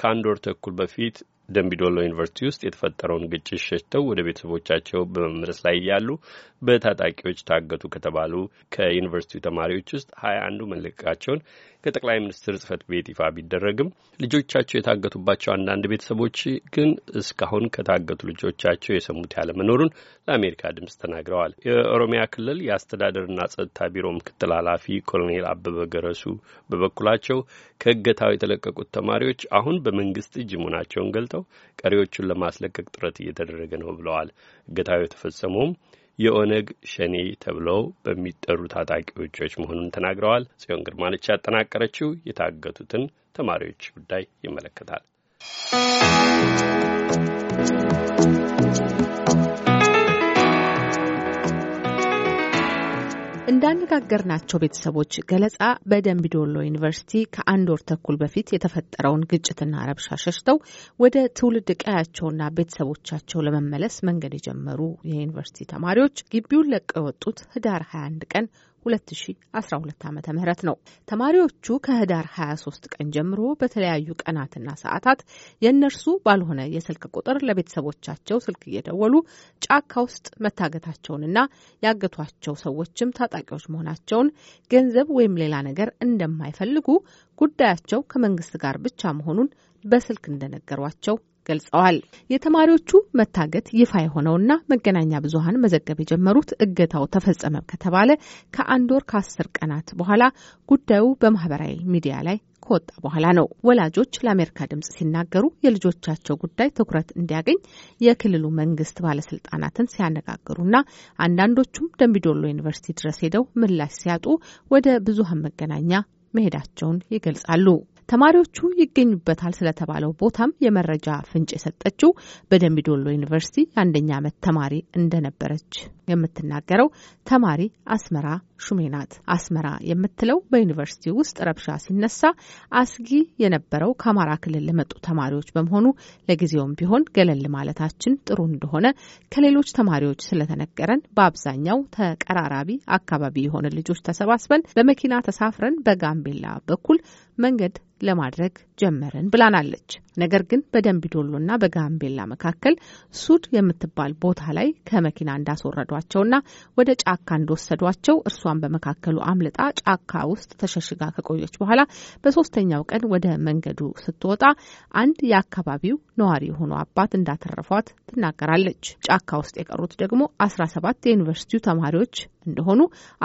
ከአንድ ወር ተኩል በፊት ደንቢዶሎ ዩኒቨርሲቲ ውስጥ የተፈጠረውን ግጭት ሸሽተው ወደ ቤተሰቦቻቸው በመመለስ ላይ እያሉ በታጣቂዎች ታገቱ ከተባሉ ከዩኒቨርሲቲው ተማሪዎች ውስጥ ሀያ አንዱ መለቀቃቸውን ከጠቅላይ ሚኒስትር ጽህፈት ቤት ይፋ ቢደረግም ልጆቻቸው የታገቱባቸው አንዳንድ ቤተሰቦች ግን እስካሁን ከታገቱ ልጆቻቸው የሰሙት ያለመኖሩን ለአሜሪካ ድምፅ ተናግረዋል። የኦሮሚያ ክልል የአስተዳደርና ጸጥታ ቢሮ ምክትል ኃላፊ ኮሎኔል አበበ ገረሱ በበኩላቸው ከእገታው የተለቀቁት ተማሪዎች አሁን በመንግስት እጅ መሆናቸውን ገልጠው ተለቀው ቀሪዎቹን ለማስለቀቅ ጥረት እየተደረገ ነው ብለዋል። እገታው የተፈጸመውም የኦነግ ሸኔ ተብለው በሚጠሩ ታጣቂዎች መሆኑን ተናግረዋል። ጽዮን ግርማነች ያጠናቀረችው የታገቱትን ተማሪዎች ጉዳይ ይመለከታል። እንዳነጋገርናቸው ቤተሰቦች ገለጻ በደንቢዶሎ ዶሎ ዩኒቨርሲቲ ከአንድ ወር ተኩል በፊት የተፈጠረውን ግጭትና ረብሻ ሸሽተው ወደ ትውልድ ቀያቸውና ቤተሰቦቻቸው ለመመለስ መንገድ የጀመሩ የዩኒቨርሲቲ ተማሪዎች ግቢውን ለቀው የወጡት ህዳር 21 ቀን 2012 ዓ ም ነው። ተማሪዎቹ ከህዳር 23 ቀን ጀምሮ በተለያዩ ቀናትና ሰዓታት የእነርሱ ባልሆነ የስልክ ቁጥር ለቤተሰቦቻቸው ስልክ እየደወሉ ጫካ ውስጥ መታገታቸውንና ያገቷቸው ሰዎችም ታጣቂዎች መሆናቸውን፣ ገንዘብ ወይም ሌላ ነገር እንደማይፈልጉ፣ ጉዳያቸው ከመንግስት ጋር ብቻ መሆኑን በስልክ እንደነገሯቸው ገልጸዋል። የተማሪዎቹ መታገት ይፋ የሆነውና መገናኛ ብዙኃን መዘገብ የጀመሩት እገታው ተፈጸመ ከተባለ ከአንድ ወር ከአስር ቀናት በኋላ ጉዳዩ በማህበራዊ ሚዲያ ላይ ከወጣ በኋላ ነው። ወላጆች ለአሜሪካ ድምጽ ሲናገሩ የልጆቻቸው ጉዳይ ትኩረት እንዲያገኝ የክልሉ መንግስት ባለስልጣናትን ሲያነጋግሩና አንዳንዶቹም ደንቢዶሎ ዩኒቨርሲቲ ድረስ ሄደው ምላሽ ሲያጡ ወደ ብዙሀን መገናኛ መሄዳቸውን ይገልጻሉ። ተማሪዎቹ ይገኙበታል ስለተባለው ቦታም የመረጃ ፍንጭ የሰጠችው በደምቢዶሎ ዩኒቨርሲቲ የአንደኛ ዓመት ተማሪ እንደነበረች የምትናገረው ተማሪ አስመራ ሹሜ ናት። አስመራ የምትለው በዩኒቨርሲቲ ውስጥ ረብሻ ሲነሳ አስጊ የነበረው ከአማራ ክልል ለመጡ ተማሪዎች በመሆኑ ለጊዜውም ቢሆን ገለል ማለታችን ጥሩ እንደሆነ ከሌሎች ተማሪዎች ስለተነገረን በአብዛኛው ተቀራራቢ አካባቢ የሆነ ልጆች ተሰባስበን በመኪና ተሳፍረን በጋምቤላ በኩል መንገድ ለማድረግ ጀመርን ብላናለች። ነገር ግን በደምቢዶሎና በጋምቤላ መካከል ሱድ የምትባል ቦታ ላይ ከመኪና እንዳስወረዷቸውና ወደ ጫካ እንደወሰዷቸው እርሷን በመካከሉ አምልጣ ጫካ ውስጥ ተሸሽጋ ከቆየች በኋላ በሶስተኛው ቀን ወደ መንገዱ ስትወጣ አንድ የአካባቢው ነዋሪ የሆኑ አባት እንዳተረፏት ትናገራለች። ጫካ ውስጥ የቀሩት ደግሞ አስራ ሰባት የዩኒቨርሲቲው ተማሪዎች እንደሆኑ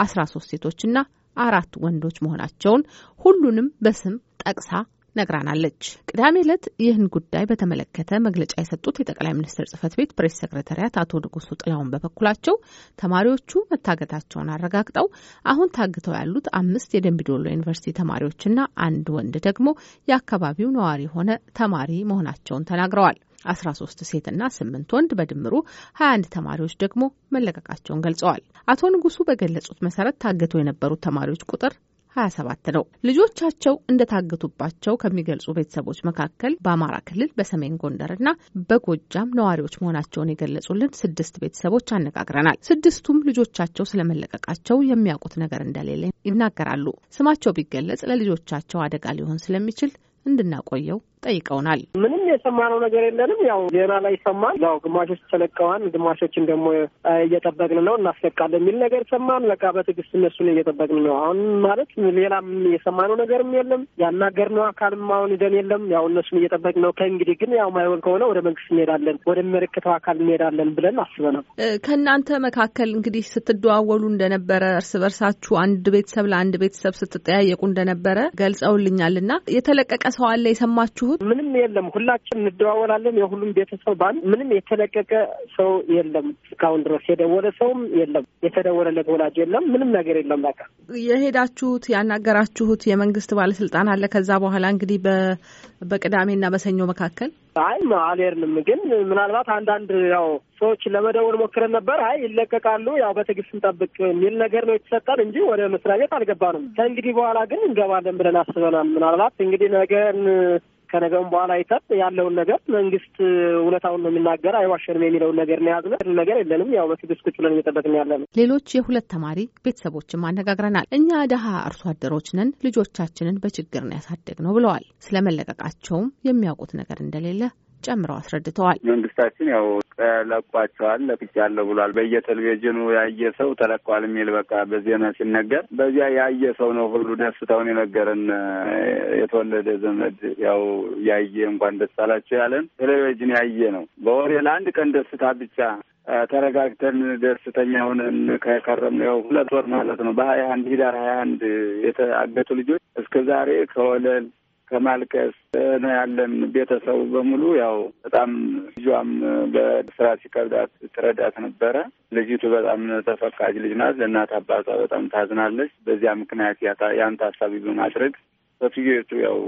አስራ ሶስት ሴቶችና አራት ወንዶች መሆናቸውን ሁሉንም በስም ጠቅሳ ነግራናለች። ቅዳሜ ዕለት ይህን ጉዳይ በተመለከተ መግለጫ የሰጡት የጠቅላይ ሚኒስትር ጽህፈት ቤት ፕሬስ ሰክሬታሪያት አቶ ንጉሱ ጥላውን በበኩላቸው ተማሪዎቹ መታገታቸውን አረጋግጠው አሁን ታግተው ያሉት አምስት የደንቢዶሎ ዩኒቨርሲቲ ተማሪዎችና አንድ ወንድ ደግሞ የአካባቢው ነዋሪ የሆነ ተማሪ መሆናቸውን ተናግረዋል። 13 ሴትና 8 ወንድ በድምሩ 21 ተማሪዎች ደግሞ መለቀቃቸውን ገልጸዋል። አቶ ንጉሱ በገለጹት መሰረት ታግተው የነበሩት ተማሪዎች ቁጥር 27 ነው። ልጆቻቸው እንደታገቱባቸው ከሚገልጹ ቤተሰቦች መካከል በአማራ ክልል በሰሜን ጎንደርና በጎጃም ነዋሪዎች መሆናቸውን የገለጹልን ስድስት ቤተሰቦች አነጋግረናል። ስድስቱም ልጆቻቸው ስለመለቀቃቸው የሚያውቁት ነገር እንደሌለ ይናገራሉ። ስማቸው ቢገለጽ ለልጆቻቸው አደጋ ሊሆን ስለሚችል እንድናቆየው ጠይቀውናል። ምንም የሰማነው ነገር የለንም። ያው ዜና ላይ ይሰማል። ያው ግማሾች ተለቀዋን ግማሾችን ደግሞ እየጠበቅን ነው እናስለቃለን የሚል ነገር ሰማን። በቃ በትዕግስት እነሱን እየጠበቅን ነው አሁን ማለት ሌላም የሰማነው ነገርም የለም። ያናገርነው አካልም አሁን ይደን የለም። ያው እነሱን እየጠበቅን ነው። ከእንግዲህ ግን ያው ማይሆን ከሆነ ወደ መንግስት እንሄዳለን፣ ወደሚመለከተው አካል እንሄዳለን ብለን አስበናል። ከእናንተ መካከል እንግዲህ ስትደዋወሉ እንደነበረ እርስ በርሳችሁ አንድ ቤተሰብ ለአንድ ቤተሰብ ስትጠያየቁ እንደነበረ ገልጸውልኛል እና የተለቀቀ ሰው አለ የሰማችሁ ያሉት? ምንም የለም። ሁላችን እንደዋወላለን። የሁሉም ቤተሰብ ባል ምንም የተለቀቀ ሰው የለም። እስካሁን ድረስ የደወለ ሰውም የለም። የተደወለለት ወላጅ የለም። ምንም ነገር የለም። በቃ የሄዳችሁት ያናገራችሁት የመንግስት ባለስልጣን አለ? ከዛ በኋላ እንግዲህ በቅዳሜና በሰኞ መካከል አይ አልሄድንም፣ ግን ምናልባት አንዳንድ ያው ሰዎች ለመደወል ሞክረን ነበር። አይ ይለቀቃሉ፣ ያው በትዕግስት እንጠብቅ የሚል ነገር ነው የተሰጠን እንጂ ወደ መስሪያ ቤት አልገባንም። ከእንግዲህ በኋላ ግን እንገባለን ብለን አስበናል። ምናልባት እንግዲህ ነገን ከነገም በኋላ አይተን ያለውን ነገር መንግስት እውነታውን ነው የሚናገር አይዋሸንም የሚለውን ነገር ነው የያዝነው። ነገር የለንም ያው በትዕግስት ቁጭ ብለን እየጠበቅን ያለ ነው። ሌሎች የሁለት ተማሪ ቤተሰቦችም አነጋግረናል። እኛ ደሀ አርሶ አደሮች ነን፣ ልጆቻችንን በችግር ነው ያሳደግ ነው ብለዋል። ስለመለቀቃቸውም የሚያውቁት ነገር እንደሌለ ጨምረው አስረድተዋል። መንግስታችን ያው ተለቋቸዋል ለቅቄያለሁ ብሏል። በየቴሌቪዥኑ ያየ ሰው ተለቋል የሚል በቃ በዜና ሲነገር በዚያ ያየ ሰው ነው ሁሉ ደስታውን የነገረን የተወለደ ዘመድ ያው ያየ እንኳን ደስ አላቸው ያለን ቴሌቪዥን ያየ ነው። በወሬ ለአንድ ቀን ደስታ ብቻ ተረጋግተን ደስተኛ ሆነን ከከረም ያው ሁለት ወር ማለት ነው በሀያ አንድ ሂዳር ሀያ አንድ የተአገቱ ልጆች እስከ ዛሬ ከወለል በማልቀስ ነው ያለን። ቤተሰቡ በሙሉ ያው በጣም ልጇም በስራ ሲከብዳት ትረዳት ነበረ። ልጅቱ በጣም ተፈቃጅ ልጅ ናት። ለእናት አባቷ በጣም ታዝናለች። በዚያ ምክንያት ያን ታሳቢ በማድረግ በፍየቱ ያው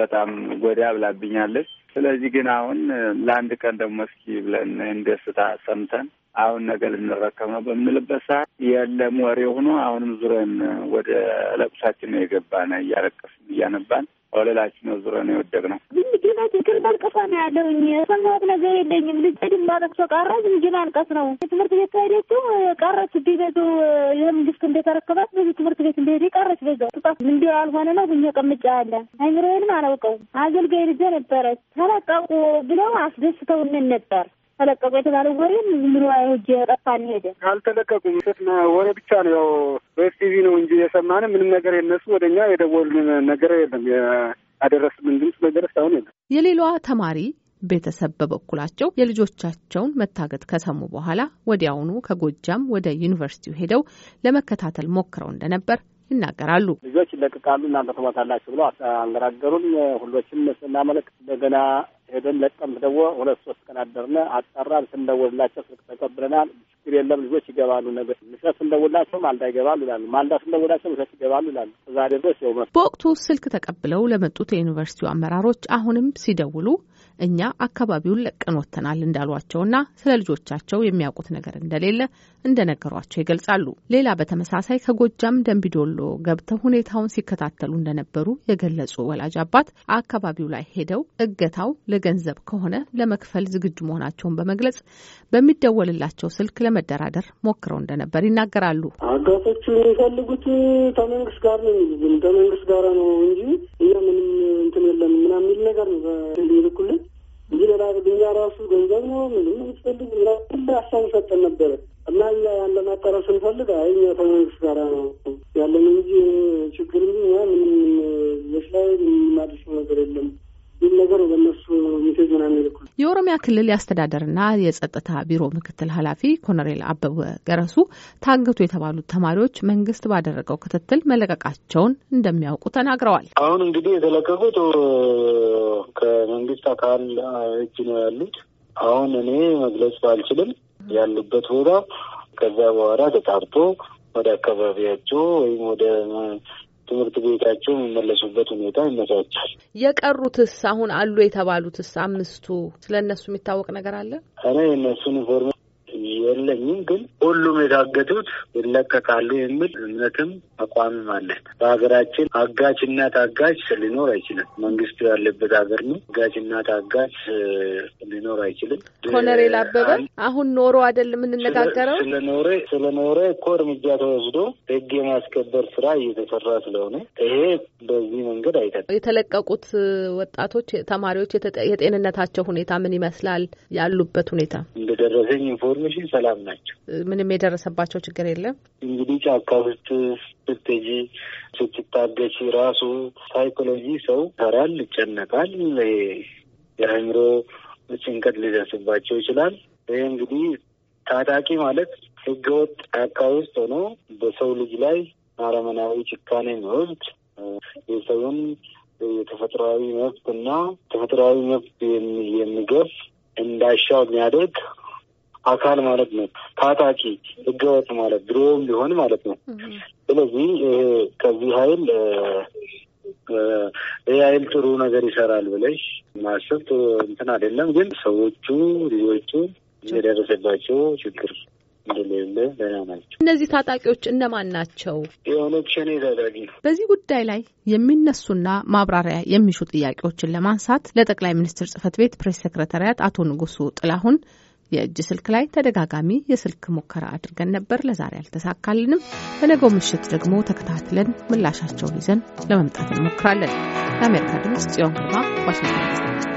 በጣም ጎዳ ብላብኛለች። ስለዚህ ግን አሁን ለአንድ ቀን ደግሞ እስኪ ብለን እንደስታ ሰምተን አሁን ነገ ልንረከብ ነው በምንልበት ሰዓት የለም ወሬ ሆኖ አሁንም ዙረን ወደ ለቅሳችን ነው የገባን፣ እያለቀስን እያነባን ወለላችን ነው ዙረን የወደቅነው። ዝምጅና ትክል መልቀሷ ነው ያለውኝ። ሰማት ነገር የለኝም። ልጅ ድምፅ ማለቅሶ ቀረ። ዝምጅ አልቀስ ነው። ትምህርት ቤት ከሄደችው ቀረች። ቤቱ የመንግስት እንደተረከባት ብዙ ትምህርት ቤት እንደሄደ ቀረች። በዛው ጥጣት እንዲ አልሆነ ነው ብኛ ቀምጫ ያለ አይምሮዬንም አላውቀውም። አገልጋይ ልጄ ነበረች። ተለቀቁ ብለው አስደስተውንን ነበር ተለቀቁ የተባለ ወሬ ዝም ብሎ ጅ ጠፋን ሄደ። አልተለቀቁም ስት ወሬ ብቻ ነው ያው በኤስቲቪ ነው እንጂ የሰማን ምንም ነገር የነሱ ወደ እኛ የደወሉን ነገር የለም። ያደረስምን ድምፅ ነገር እስካሁን የለም። የሌሏ ተማሪ ቤተሰብ በበኩላቸው የልጆቻቸውን መታገት ከሰሙ በኋላ ወዲያውኑ ከጎጃም ወደ ዩኒቨርሲቲው ሄደው ለመከታተል ሞክረው እንደነበር ይናገራሉ። ልጆች ይለቅቃሉ፣ እናንተ ትሞታላችሁ ብለው አንገራገሩን። ሁሎችም ስናመለክት እንደገና ሄደን ለቀም ደግሞ ሁለት ሶስት ቀን አደርነ አጣራን። ስንደውልላቸው ስልክ ተቀብለናል። ችግር የለም ልጆች ይገባሉ። ነገር ምሽት ስንደውልላቸው ማልዳ ይገባሉ ይላሉ። ማልዳ ስንደውልላቸው ምሽት ይገባሉ ይላሉ። ዛሬ ድረስ ይኸው በወቅቱ ስልክ ተቀብለው ለመጡት የዩኒቨርሲቲው አመራሮች አሁንም ሲደውሉ እኛ አካባቢውን ለቀን ወጥተናል እንዳሏቸውና ስለ ልጆቻቸው የሚያውቁት ነገር እንደሌለ እንደነገሯቸው ይገልጻሉ። ሌላ በተመሳሳይ ከጎጃም ደንቢዶሎ ገብተው ሁኔታውን ሲከታተሉ እንደነበሩ የገለጹ ወላጅ አባት አካባቢው ላይ ሄደው እገታው ለገንዘብ ከሆነ ለመክፈል ዝግጁ መሆናቸውን በመግለጽ በሚደወልላቸው ስልክ ለመደራደር ሞክረው እንደነበር ይናገራሉ። አጋቶቹ የሚፈልጉት ከመንግስት ጋር ነው ከመንግስት ጋር ነው እንጂ እኛ ምንም እንትን የለም ምናምን የሚል ነገር ነው በልኩልን እንጂ ሌላ ብኛ ራሱ ነው ምንም ትፈልግ ሁሉ ሀሳብ ሰጠን ነበረ እና እኛ ያን ለማጣራት ስንፈልግ አይ እኛ ከመንግስት ጋር ነው ያለን እንጂ ክልል የአስተዳደርና የጸጥታ ቢሮ ምክትል ኃላፊ ኮሎኔል አበበ ገረሱ ታገቱ የተባሉት ተማሪዎች መንግስት ባደረገው ክትትል መለቀቃቸውን እንደሚያውቁ ተናግረዋል። አሁን እንግዲህ የተለቀቁት ከመንግስት አካል እጅ ነው ያሉት። አሁን እኔ መግለጽ ባልችልም ያሉበት ቦታ ከዛ በኋላ ተጣርቶ ወደ አካባቢያቸው ወይም ወደ ትምህርት ቤታቸው የሚመለሱበት ሁኔታ ይመቻቻል። የቀሩትስ አሁን አሉ የተባሉትስ አምስቱ ስለ እነሱ የሚታወቅ ነገር አለ? እኔ የእነሱን ዩኒፎርም የለኝም፣ ግን ሁሉም የታገቱት ይለቀቃሉ የሚል እምነትም አቋምም አለን። በሀገራችን አጋችና ታጋች ሊኖር አይችልም። መንግስቱ ያለበት ሀገር ነው። አጋችና ታጋች ሊኖር አይችልም። ኮሎኔል አበበ አሁን ኖሮ አይደል የምንነጋገረው ስለኖረ ስለኖረ እኮ እርምጃ ተወስዶ ህግ የማስከበር ስራ እየተሰራ ስለሆነ ይሄ በዚህ መንገድ አይቀጥም። የተለቀቁት ወጣቶች ተማሪዎች የጤንነታቸው ሁኔታ ምን ይመስላል? ያሉበት ሁኔታ እንደደረሰኝ ኢንፎርሜሽን ሰላም ናቸው። ምንም የደረሰባቸው ችግር የለም። እንግዲህ ጫካ ውስጥ ስትጂ ስትታገች ራሱ ሳይኮሎጂ ሰው ይሰራል ይጨነቃል የአእምሮ ጭንቀት ሊደርስባቸው ይችላል። ይህ እንግዲህ ታጣቂ ማለት ህገወጥ ጫካ ውስጥ ሆኖ በሰው ልጅ ላይ አረመናዊ ጭካኔ የሚወስድ የሰውን የተፈጥሯዊ መብት እና ተፈጥሯዊ መብት የሚገፍ እንዳሻው የሚያደርግ አካል ማለት ነው። ታጣቂ ህገወጥ ማለት ድሮም ቢሆን ማለት ነው። ስለዚህ ከዚህ ኃይል ኤአይል ጥሩ ነገር ይሰራል ብለሽ ማሰብ እንትን አይደለም። ግን ሰዎቹ ልጆቹ የደረሰባቸው ችግር እንደሌለ ደህና ናቸው። እነዚህ ታጣቂዎች እነማን ናቸው? የኦነግ ሸኔ ታጣቂ። በዚህ ጉዳይ ላይ የሚነሱና ማብራሪያ የሚሹ ጥያቄዎችን ለማንሳት ለጠቅላይ ሚኒስትር ጽህፈት ቤት ፕሬስ ሴክረታሪያት አቶ ንጉሱ ጥላሁን የእጅ ስልክ ላይ ተደጋጋሚ የስልክ ሙከራ አድርገን ነበር። ለዛሬ አልተሳካልንም። በነገው ምሽት ደግሞ ተከታትለን ምላሻቸውን ይዘን ለመምጣት እንሞክራለን። ለአሜሪካ ድምፅ ጽዮን ግርማ ዋሽንግተን